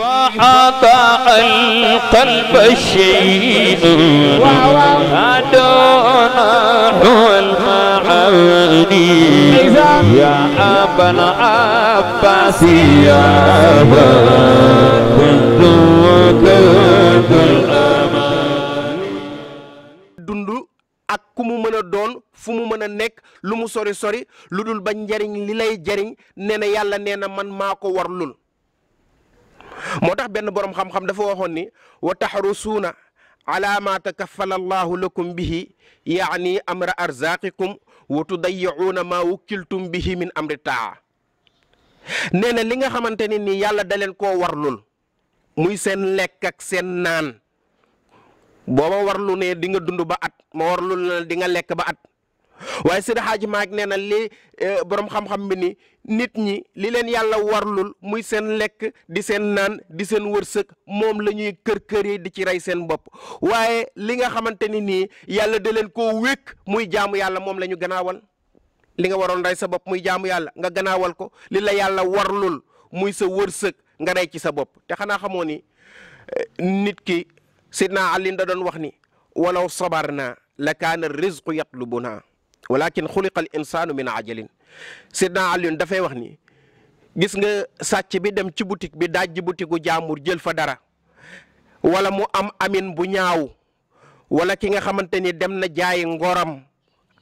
فعطى القلب الشيء هدونا المعاني يا أبا العباس يا أبا كل don, lu sori sori lu dul ba njariñ li lay jariñ man mako warlul moo tax benn borom xam-xam dafa waxoon ni wa taxrusuuna ala ma takaffala allahu lakum bihi yaani amra arzaqikum wa tudayicuuna ma wukkiltum bihi min amri taa nee na li nga xamante ne nii yàlla da leen koo warlul muy seen lekkak ak seen naan boo ma warlu ne di nga dund ba at ma warlul ne di nga lekk ba at waaye Seydi Hadji maak nee na li e, borom xam-xam bi ni nit ñi li leen yàlla warlul muy seen lekk di seen naan di seen wërsëg moom la ñuy kër kër yi di ci rey seen bopp waaye li nga xamante ni nii yàlla da leen ko wékk muy jaamu yàlla moom la ñu gannaawal li nga waroon rey sa bopp muy jaamu yàlla nga gannaawal ko li la yàlla warlul muy sa wërsëg nga rey ci sa bopp te xanaa xamoo ni e, nit ki Sidna Ali da doon wax ni walaw sabar naa la kaana rizqu yatlubuna walakin xuliqa al insaanu min ajalin sidna Alioune dafay wax ni gis nga sàcc bi dem ci boutique bi dajji boutique gu jaamur jël fa dara wala mu am amin bu ñaaw wala ki nga xamante ni dem na jaay ngoram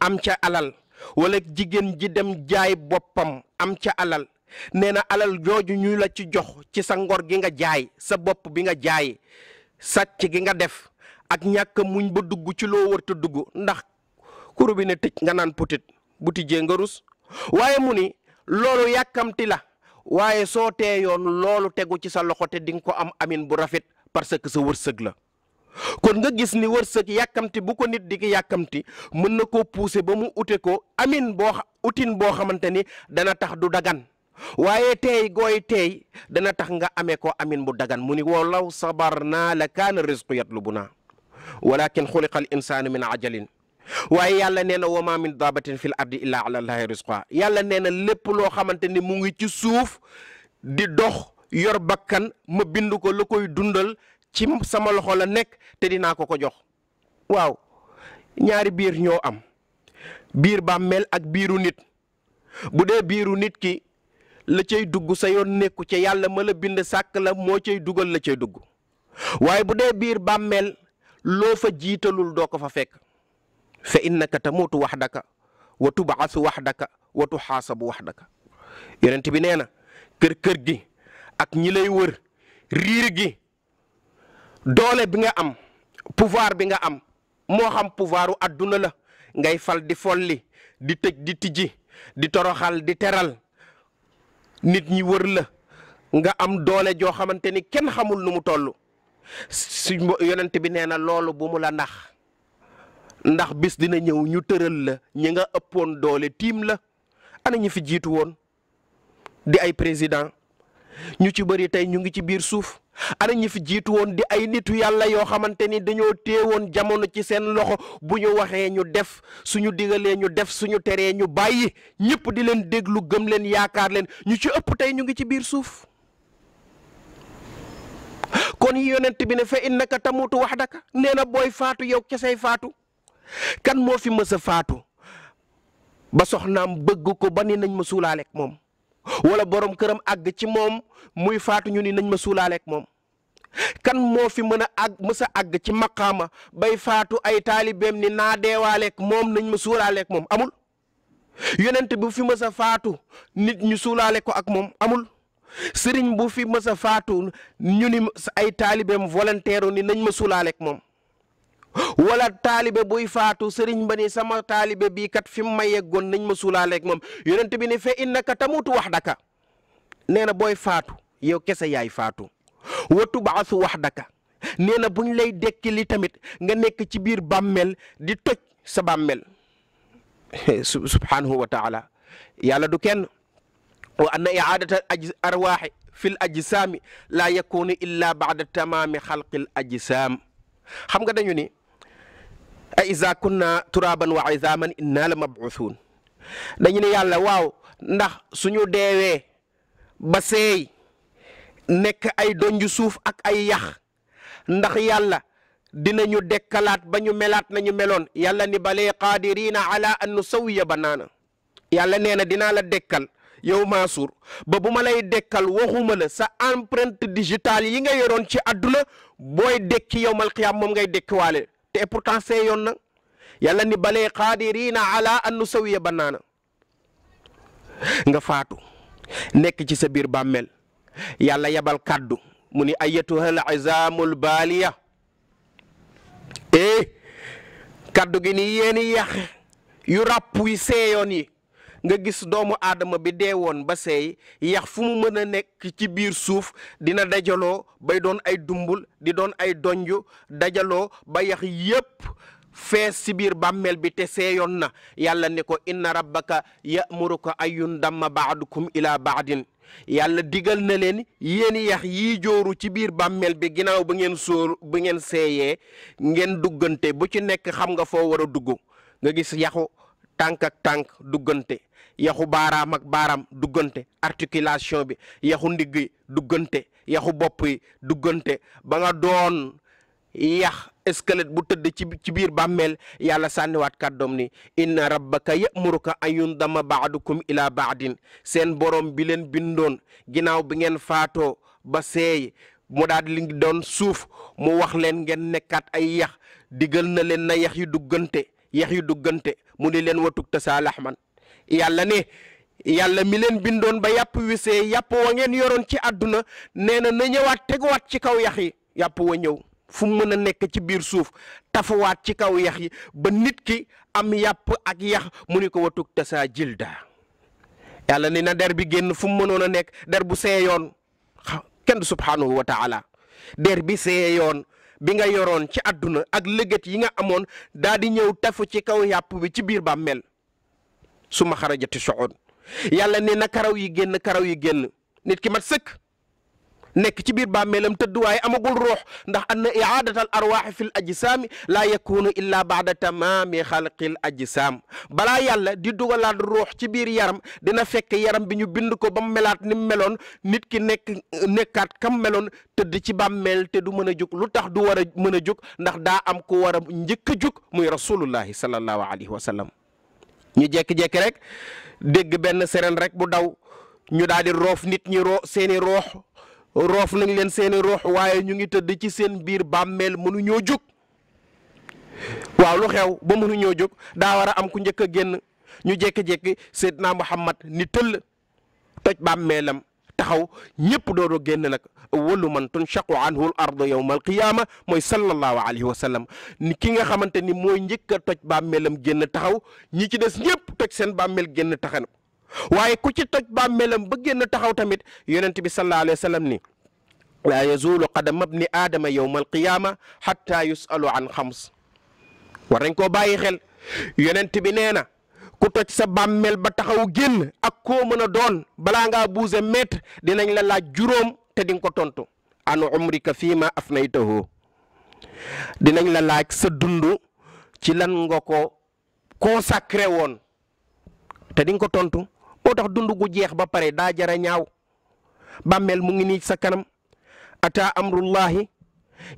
am ca alal wala jigéen ji dem jaay boppam am ca alal nee na alal jooju ñu la ci jox ci sa ngor gi nga jaay sa bopp bi nga jaay sàcc gi nga def ak ñàkk muñ ba dugg ci loo warta dugg ndax kuru bi ne tëj nga naan putit bu jee nga rus waaye mu ni loolu yàkkamti la waaye soo teeyoon loolu tegu ci sa loxo te di nga ko am amin bu rafet parce que sa wërsëg la kon nga gis ni wërsëg yàkkamti bu ko nit di ko yàkkamti mën na ko pousser ba mu ute ko amin boo utin boo xamante ni dana tax du dagan waaye teey gooy teey dana tax nga amee ko amin bu dagan mu ni walaw sabar naa la kaana risqu yatlubuna walakin xuliqa al insaanu min ajalin waaye yàlla nee na wama min dabatin fil ardi illa ala allahi risqa yàlla nee na lépp loo xamante ni mu ngi ci suuf di dox yor bakkan ma bind ko la koy dundal ci sama loxo la nekk te dinaa ko ko jox waaw ñaari biir ñoo am biir bàmmeel ak biiru nit bu dee biiru nit ki la cay dugg sa yoon nekku ca yàlla ma la bind sàkk la moo cay dugal la cay dugg waaye bu dee biir bàmmeel loo fa jiitalul doo ko fa fekk wax fa innaka tamuutu waxdaka wa tubaasu waxdaka wa wax waxdaka yonent bi nee na kër-kër gi ak ñi lay wër riir gi doole bi nga am pouvoir bi nga am moo xam pouvoiru adduna la ngay fal di folli di tëj di tijji di toroxal di teral nit ñi wër la nga am doole joo xamante ni kenn xamul nu mu toll su yonent bi nee na loolu bu mu la nax ndax bis dina ñëw ñu tëral la ñi nga ëppoon doole tiim la ana ñi fi jiitu woon di ay président ñu ci bëri tey ñu ngi ci biir suuf ana ñi fi jiitu woon di ay nitu yàlla yoo xamante ni dañoo téewoon jamono ci seen loxo bu ñu waxee ñu def suñu digalee ñu def suñu teree ñu bàyyi ñëpp di leen déglu gëm leen yaakaar leen ñu ci ëpp tey ñu ngi ci biir suuf kon yonent bi ne fa innaka tamutu waxdaka nee na booy faatu yow kesey faatu kan moo fi mës a faatu ba soxnaam bëgg ko ba ni nañ ma suulaaleeg moom wala borom këram àgg ci moom muy faatu ñu ni nañ ma suulaaleeg moom kan moo fi mën a àgg mës a àgg ci maqaama bay faatu ay taalibeem ni naa deewaaleeg moom nañ ma suulaaleeg moom amul yonent bu fi mës a faatu nit ñu suulaale ko ak moom amul sëriñ bu fi mës a faatu ñu ni ay taalibeem volontaire ni nañ ma suulaaleeg moom wala taalibe buy faatu sëriñ ba ni sama taalibe bii kat fi mu ma yeggoon nañ ma suulaaleeg moom yonent bi ni fe innaka tamutu wahdaka nee na booy faatu yow kese yaay faatu wa tubaasu wahdaka nee na buñ lay dekki tamit nga nekk ci biir bàmmeel di toj sa bàmmeel subhanahu wa taala yàlla du kenn wa anna iaadata arwaaxi fil ajsaami laa yakunu illa baada tamaami xalqil ajsaam xam nga dañu ni a iza kunna turaban wa izaman inna la mabuthun dañu ne yàlla waaw ndax suñu deewee ba seey nekk ay donju suuf ak ay yax ndax yàlla dinañu dekkalaat ba ñu melaat nañu meloon yàlla ni bale qaadirina ala an nusawiya banaana yàlla nee na dinaa la dekkal yow Mansour ba bu ma lay dekkal waxuma la sa empreinte digitale yi nga yoroon ci àdduna booy dekki yow mal qiyaam moom ngay dekkiwaale te pourtant feeyoon na yàlla ni balee qaadiriina ala an sawiya banaana nga faatu nekk ci sa biir bàmmeel yàlla yabal kàddu mu ni ayatuhal izaamul baaliya eh kàddu gi ni yéeni yu ràpp yi seeyoon yi nga gis doomu aadama bi dee woon ba seey yax fu mu mën nekk ci biir suuf dina dajaloo bay doon ay dumbul di doon ay donju dajaloo ba yax yépp fees ci biir bàmmeel bi te seeyoon na yàlla ne ko inna rabbaka yamuruka ayun damma baadukum ila baadin yàlla digal na leen yéen yax yii jooru ci biir bàmmeel bi ginnaaw ba ngeen sóor ba ngeen seeyee ngeen duggante bu ci nekk xam nga foo war a dugg nga gis yaxu tànk ak tànk duggante yaxu baaraam ak baaraam duggante articulation bi yaxu ndigg yi duggante yaxu bopp yi duggante ba nga doon yax squelette bu tëdd ci ci biir bàmmeel yàlla sànniwaat doom ni inna rabbaka yamuruka an yundama baadukum ila baadin seen borom bi leen bindoon ginnaaw bi ngeen faatoo ba seey mu daal li doon suuf mu wax leen ngeen nekkaat ay yax digal na leen na yax yi duggante yex yu duggante mu ni leen watug tasaalaax man yàlla ne yàlla mi leen bindoon ba yàpp wisee yàpp wa ngeen yoroon ci àdduna nee na na ñëwaat teguwaat ci kaw yax yi yàpp wa ñëw fu mu mën a nekk ci biir suuf tafawaat ci kaw yax yi ba nit ki am yàpp ak yax mu ni ko watug tasaa jilda yàlla ni na der bi génn fu mu mënoon a nekk der bu seeyoon kenn subhaanahu wa der bi seeyoon bi nga yoroon ci àdduna ak leget yi nga amoon daa di ñëw tafu ci kaw yàpp wi ci biir bàmmeel su ma xarajati soxoon yàlla ne na karaw yi génn karaw yi génn nit ki mat sëkk nek ci bir bàmmeelam teud way amagul ruh ndax anna iaadatal arwaaxi fil ajsam la yakunu illa ba'da tamam khalq al ajsam bala yàlla di dugalat ruh ci bir yaram dina fek yaram biñu bind ko bam melat ni melon nit ki nek nekat kam melon teud ci bàmmeel te du meuna juk lutax du wara meuna juk ndax da am ko wara a juk muy rasulullah sallallahu alayhi wa sallam nu jek jek rek deg ben seren rek bu daw ñu dadi di roof nit ñi ro seni roh roof nañ leen seeni ruux waaye ñu ngi tëdd ci seen biir bàmmeel mënuñoo jóg waaw lu xew ba mënuñoo jóg daa war a am ku njëkk a génn ñu jékki-jékki Seydina Muhammad ni tëll toj meelam taxaw ñëpp doodoo génn nag walu man tunshaqu anhu l ardu yawma alqiyaama mooy sallallahu alayhi wa sallam ki nga xamante ni mooy njëkk a toj bàmmeelam génn taxaw ñi ci des ñëpp toj seen bàmmeel génn taxaw waaye ku ci toj bàmmeelam ba génn taxaw tamit yonent bi sallallahu alayhi ni laa yazulu qadama bni aadama yowma alqiyaama xatta yusalu an xams war nañ koo bàyyi xel yonent bi nee na ku toj sa bàmmeel ba taxaw génn ak koo mën a doon balaa nga buuse mètre dinañ la laaj juróom te di nga ko tontu an umrika fii ma afnaytahu dinañ la laaj sa dund ci lan ngoko ko consacré woon te di ko tontu moo tax dund gu jeex ba pare daa jara ñaaw bàmmeel mu ngi nii sa kanam ata amrullahi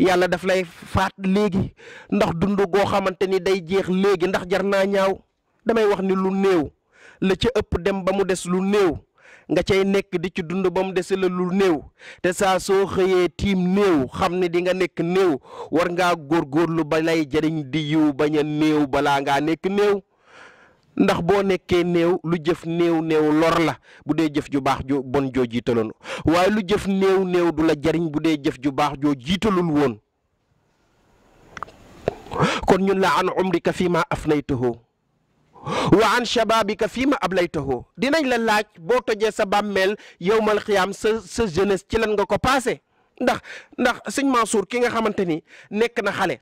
yàlla daf lay faat léegi ndax dund goo xamante ni day jeex léegi ndax jar naa ñaaw damay wax ni lu néew la ca ëpp dem ba mu des lu néew nga cay nekk di ci dund ba mu dese la lu néew te saa soo xëyee tiim néew xam ne dinga nekk néew war nga ngaa lu ba lay jëriñ di yiw bañ a néew balaa ngaa nekk néew ndax bo nekké new lu jëf new new lor la budé jëf ju bax ju bon joo jiitaloon way lu jëf new new du la jariñ budé jëf ju bax joo jitalul won kon ñun la an umrika fi ma wa an shababika fi ma ablaytahu dinañ la laaj bo tojé sa bammel yowmal qiyam sa sa jeunesse ci lan nga ko passé ndax ndax seigne Mansour ki nga xamanteni nek na xalé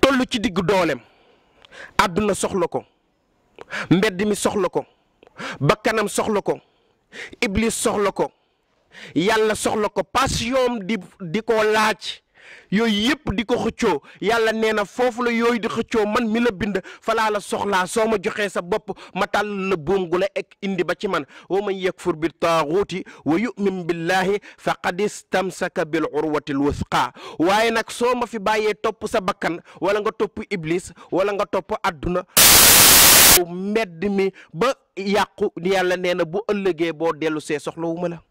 tollu ci digg doolem àdduna soxla ko mbedd mi soxla ko bakkanam soxla ko iblis soxla ko yàlla soxla ko passion di di ko laaj yooyu yëpp di ko xëccoo yàlla nee na foofu la yooyu di xëccoo man mi la bind falaa la soxlaa soo ma joxee sa bopp ma tàll la buum gu la indi ba ci man wa man yakfur bi taaguuti wa yumin billahi faqad istamsaka bil urwati l waaye nag soo ma fi bàyyee topp sa bakkan wala nga topp ibliis wala nga topp àdduna medd mi ba yàqu yàlla nee na bu ëllëgee boo dellu see soxla wu ma la